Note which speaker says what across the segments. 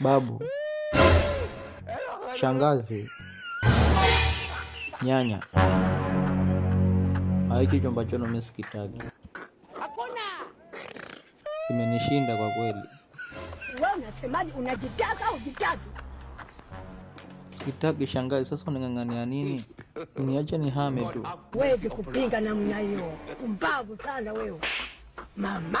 Speaker 1: babu, shangazi, nyanya. Hiki chumba chono mimi kimenishinda kwa kweli.
Speaker 2: Wewe unasemaje? Unajitaka ujitaki?
Speaker 1: Sikitaki shangazi, sasa unang'ang'ania nini? Siniache ni hame tu.
Speaker 2: wezi kupinga namna hiyo, pumbavu sana wewe. Mama.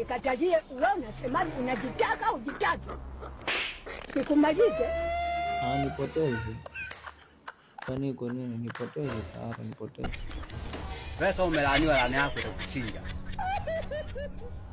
Speaker 2: nikatalie. Wewe unasema Unajitaka ujitaki nikumalize?
Speaker 1: Ah, nipoteze. Kwani kwa nini nipoteze? Sawa, nipoteze.
Speaker 3: pesa, umelaniwa umelaaniwa, laana yako itakuchinja.